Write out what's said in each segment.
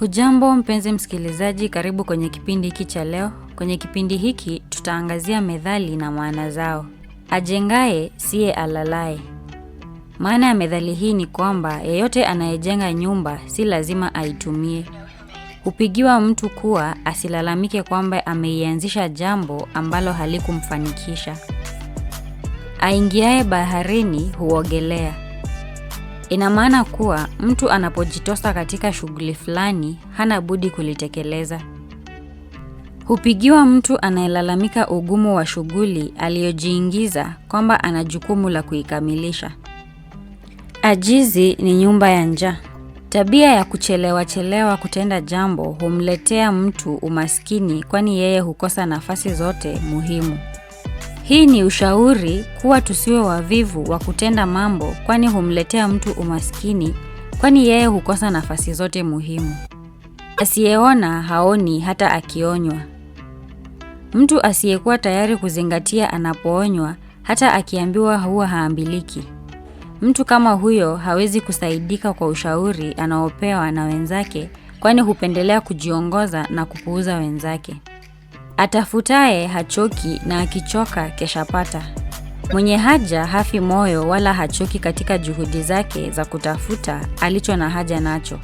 Hujambo mpenzi msikilizaji, karibu kwenye kipindi hiki cha leo. Kwenye kipindi hiki tutaangazia methali na maana zao. Ajengaye siye alalaye. Maana ya methali hii ni kwamba yeyote anayejenga nyumba si lazima aitumie. Hupigiwa mtu kuwa asilalamike kwamba ameianzisha jambo ambalo halikumfanikisha. Aingiaye baharini huogelea. Ina maana kuwa mtu anapojitosa katika shughuli fulani hana budi kulitekeleza. Hupigiwa mtu anayelalamika ugumu wa shughuli aliyojiingiza kwamba ana jukumu la kuikamilisha. Ajizi ni nyumba ya njaa. Tabia ya kuchelewa chelewa kutenda jambo humletea mtu umaskini kwani yeye hukosa nafasi zote muhimu. Hii ni ushauri kuwa tusiwe wavivu wa kutenda mambo, kwani humletea mtu umaskini, kwani yeye hukosa nafasi zote muhimu. Asiyeona haoni hata akionywa. Mtu asiyekuwa tayari kuzingatia anapoonywa, hata akiambiwa huwa haambiliki. Mtu kama huyo hawezi kusaidika kwa ushauri anaopewa na wenzake, kwani hupendelea kujiongoza na kupuuza wenzake. Atafutaye hachoki na akichoka keshapata. Mwenye haja hafi moyo wala hachoki katika juhudi zake za kutafuta alicho na haja nacho.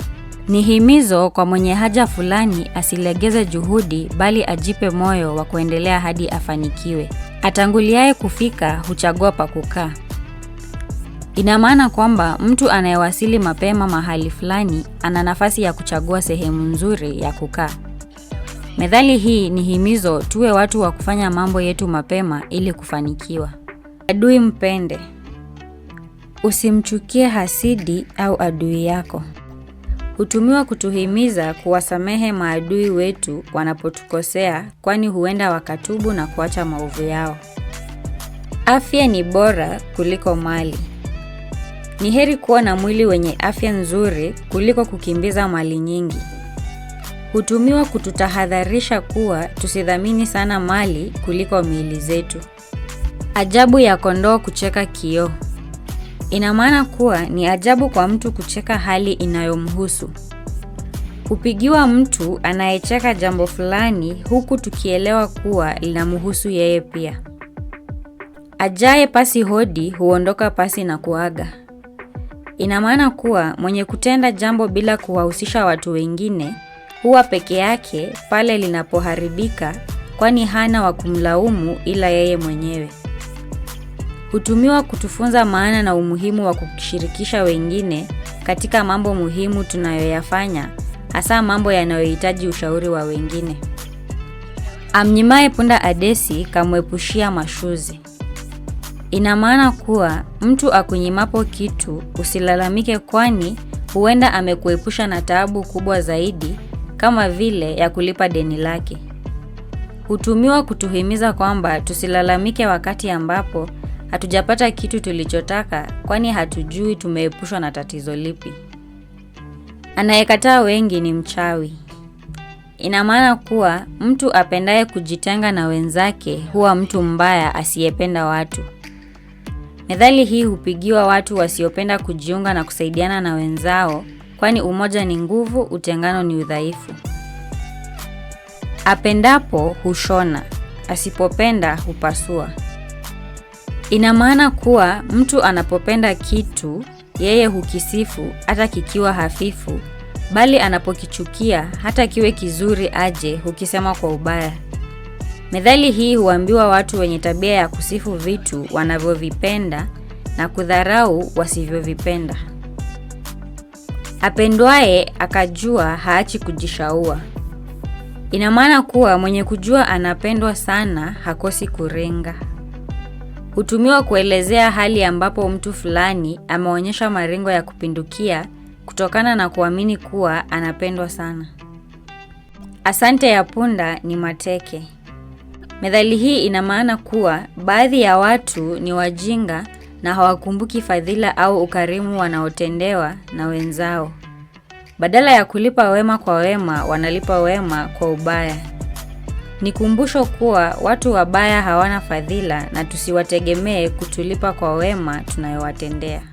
Ni himizo kwa mwenye haja fulani asilegeze juhudi bali ajipe moyo wa kuendelea hadi afanikiwe. Atanguliaye kufika huchagua pa kukaa. Ina maana kwamba mtu anayewasili mapema mahali fulani ana nafasi ya kuchagua sehemu nzuri ya kukaa. Methali hii ni himizo tuwe watu wa kufanya mambo yetu mapema ili kufanikiwa. Adui mpende, usimchukie hasidi au adui yako. Hutumiwa kutuhimiza kuwasamehe maadui wetu wanapotukosea, kwani huenda wakatubu na kuacha maovu yao. Afya ni bora kuliko mali. Ni heri kuwa na mwili wenye afya nzuri kuliko kukimbiza mali nyingi hutumiwa kututahadharisha kuwa tusidhamini sana mali kuliko miili zetu. Ajabu ya kondoo kucheka kioo. Ina maana kuwa ni ajabu kwa mtu kucheka hali inayomhusu. Hupigiwa mtu anayecheka jambo fulani huku tukielewa kuwa linamhusu yeye pia. Ajaye pasi hodi huondoka pasi na kuaga. Ina maana kuwa mwenye kutenda jambo bila kuwahusisha watu wengine huwa peke yake pale linapoharibika, kwani hana wa kumlaumu ila yeye mwenyewe. Hutumiwa kutufunza maana na umuhimu wa kushirikisha wengine katika mambo muhimu tunayoyafanya, hasa mambo yanayohitaji ushauri wa wengine. Amnyimaye punda adesi kamwepushia mashuzi. Ina maana kuwa mtu akunyimapo kitu usilalamike, kwani huenda amekuepusha na taabu kubwa zaidi kama vile ya kulipa deni lake. Hutumiwa kutuhimiza kwamba tusilalamike wakati ambapo hatujapata kitu tulichotaka, kwani hatujui tumeepushwa na tatizo lipi. Anayekataa wengi ni mchawi. Ina maana kuwa mtu apendaye kujitenga na wenzake huwa mtu mbaya asiyependa watu. Methali hii hupigiwa watu wasiopenda kujiunga na kusaidiana na wenzao kwani umoja ni nguvu, utengano ni udhaifu. Apendapo hushona, asipopenda hupasua. Ina maana kuwa mtu anapopenda kitu yeye hukisifu hata kikiwa hafifu, bali anapokichukia hata kiwe kizuri aje hukisema kwa ubaya. Methali hii huambiwa watu wenye tabia ya kusifu vitu wanavyovipenda na kudharau wasivyovipenda. Apendwaye akajua haachi kujishaua. Ina maana kuwa mwenye kujua anapendwa sana hakosi kurenga. Hutumiwa kuelezea hali ambapo mtu fulani ameonyesha marengo ya kupindukia kutokana na kuamini kuwa anapendwa sana. Asante ya punda ni mateke. Methali hii ina maana kuwa baadhi ya watu ni wajinga na hawakumbuki fadhila au ukarimu wanaotendewa na wenzao. Badala ya kulipa wema kwa wema, wanalipa wema kwa ubaya. Ni kumbusho kuwa watu wabaya hawana fadhila na tusiwategemee kutulipa kwa wema tunayowatendea.